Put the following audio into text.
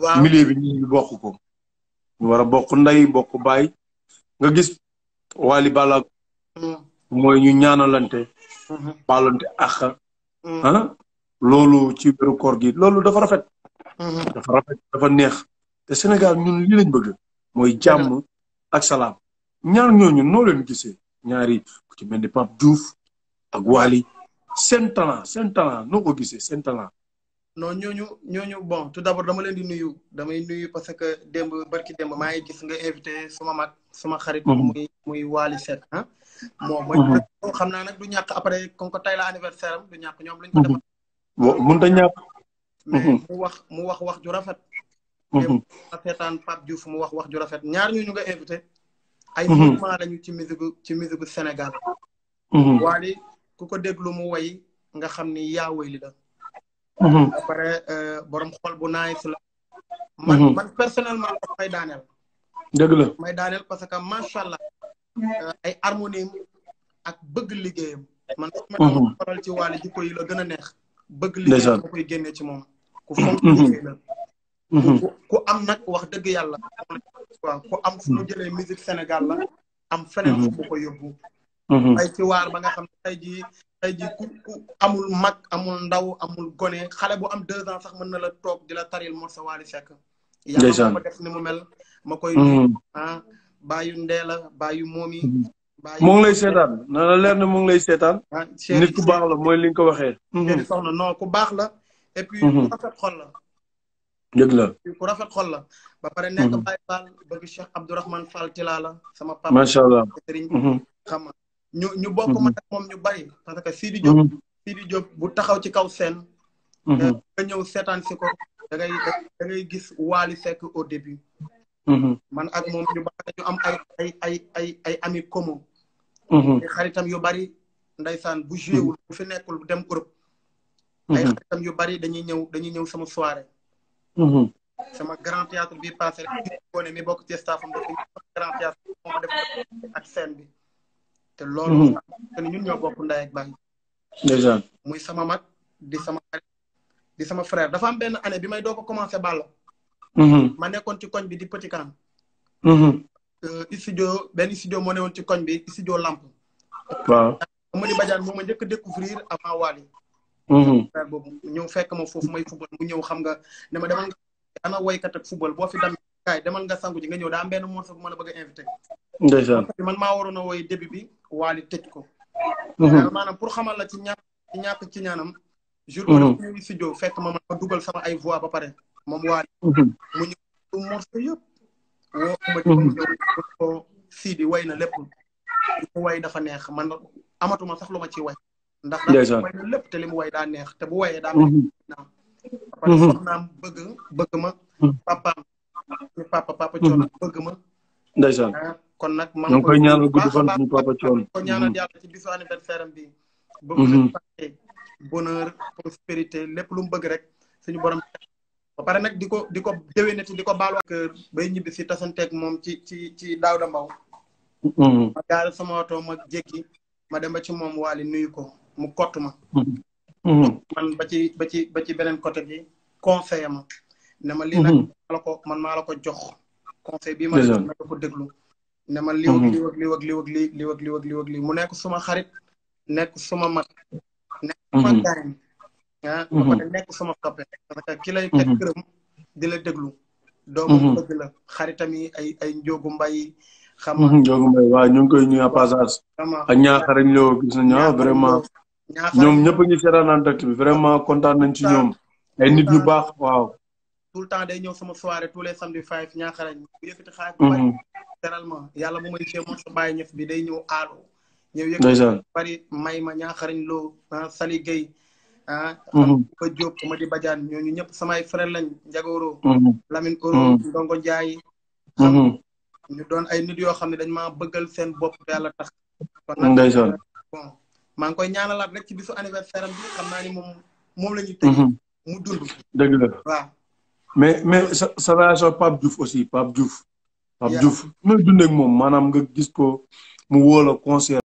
waaw milieu bi ñu bokk ko. ñu bokk ndey bokk baay nga gis Wally balak hmm. mooy ñu ñaanalante. Hmm. baalante àq. Hmm. ah loolu ci weeru koor gi loolu dafa rafet. dafa rafet dafa neex. te Sénégal ñun lii lañ bëgg. mooy jàmm ak salaam. ñaar ñooñu noo leen gisee ñaari ku ci mel ni Pape Diouf ak Wally seen talent seen talent noo non ñooñu ñooñu bon tout d'abord dama leen di nuyu damay nuyu parce que démb barki démb maa ngi gis nga invité sama mag sama xarit. Mhm. muy muy Waly Seck ah. moom mooy. Mhm. xam naa nag du ñàkk après kon ko tey la anniversaire am ñàkk ñoom lañ ko mhm. defal. waaw mënut a ñàkk. mais mu wax mu wax wax ju rafet. démb seetaan Pape mu wax wax ju rafet ñaar ñooñu nga invité. ay mouvement lañu ci musique ci musique Sénégal. Waly ku ko déglu mu way nga xam ni yaa way Mm-hmm. après eh, borom xol bu naay la. man mm-hmm. man ma may daaneel. dëgg la may daaneel parce que macha allah eh, ay harmonie ak bëgg liggéeyam. man ma mm-hmm. faral ci wàllu jikko yi la gën a neex. bëgg liggéeyam nga koy génnee ci moom. ku fonk am nag wax dëgg yàlla. waaw ku am fu mu jëlee musique la. am feneen fu ko yóbbu. ay ci waar ba nga xam ne jii tey ji amul mag amul ndaw amul gone xale bu am deux ans sax mën na la toog di la taril morceau Wally Seck yàlla ma def ni mu mel ma koy mm-hmm. ah bàyyu ndeela bàyyu moomi mm-hmm. mu ngi lay seetaan na la leer na mu ngi lay seetaan ah, nit ku baax la mooy liñ nga ko waxee mm-hmm. soxna non ku baax la et puis ku rafet xol la dëgg la ku rafet xol la ba pare nekk Baye Fall bëgg Cheikh Abdourahmane Fall Tilala sama papa macha allah ñu ñu bokk mhm. ma ak moom ñu bari parce que Sidi Diop mhm. Sidi Diop bu taxaw ci kaw seen mhm. euh, nga ñëw seetaan si ko da ngay gis Waly Seck au début man ak moom ñu bari am ay ay ay ay ay xaritam yu bari ndaysaan bu jouéwul bu fi nekkul dem Europe ay yu bari dañuy ñëw dañuy ñëw sama soirée sama grand bi passé rek bokk ci staffam dafa grand théâtre moom ak seen bi te loolu. Mhm. te ñun ñoo bokk ndey ak baay. déjà muy sama mag di sama di sama frère dafa am benn année bi may doo ko commencé Balla. Mhm. ma nekkoon ci koñ bi di Petit Kanam. Mhm. Euh, studio benn studio moo newoon ci koñ bi studio Lamp. waaw Amady Badiane moo ma njëkk a découvrir avant Wally. frère boobu fekk ma foofu may football mu ñëw xam nga ne ma demal nga ana woykat ak football boo fi dem kaay demal nga sangu ji nga ñëw daa am benn morceau bu ma la bëgg a invité. ndeysaan man maa waroon a woy début bi waali tëj ko. maanaam mhm. pour xamal la ci ñàkk ci ñàkk ci ñaanam. jour bi mhm. ma fekk ma ma dugal sama ay voix ba pare moom waali. Mhm. mu ñëw morceau yëpp. woo ma ko Sidi way na lépp. way dafa neex man amatuma sax lu ma ci way. ndax daal way na lépp te li mu way daa neex te bu wayee daa neex. parce soxnaam bëgg bëgg ma. papaam papa papa coono bëgg ma. ndeysaan. Ah. kon nag maa ngi koy ñaanal gudd fan suñu papa Thione ko ñaanal yàlla ci bisu anniversaire am bi ba mu mhm. fekkee bonheur prospérité lépp lu mu bëgg rek suñu borom ba pare nag di ko di ko déwénati di ko baal ak bay ñibbi si tasanteeg moom ci ci ci Daouda Mbow mhm. ma gaari sama oto ma jékki ma dem ba ci moom waali nuyu ko mu kott ma mhm. man ba ci ba ci ba beneen côté bi conseil ma ne ma lii man maa la ko jox conseil bii ma la ko déglu ne ma liw ak mhm. liw ak liw ak liw ak li liw ak liw ak liw ak lii mu nekk suma xarit nekk suma mag nekk suma mhm. gaañ ah ba mhm. pare nekk suma copain parce que ki lay teg këram di la déglu doomu bëgg la xaritam yi ay ay njóogu mbay xam nga njóogu mbay waaw ñu ngi koy nuyu passage ak ñaa xarañ loo gis nañu ah vraiment ñoom ñëpp a ngi seetaan dëkk bi vraiment kontaan nañ ci ñoom ay nit ñu baax waaw tout le temps day ñëw sama soirée tous les samedi five ñaa xarañ bu yëkkati xaalis bu bari teral ma yàlla bu may cee mosu bàyyi ñëf bi day ñëw aalo ñëw yëg bari may ma ñaaxariñ loo ah, Sali Gueye ah ba mhm. Diop ma di bajaan ñooñu ñëpp samay frère lañ Njagoro mhm. Lamine Oro mhm. Ndongo Njaay ñu doon ay nit yoo xam ne dañ maa bëggal seen bopp yàlla tax kon nag bon maa ngi koy ñaanalaat rek ci bisu anniversaire am bi xam naa ni moom moom lañu tëj mu dund dëgg la waaw mais mais sa sa relation Pape aussi Pape Diouf Pape Diouf fu may dundee ak moom maanaam nga gis ko mu woo la concert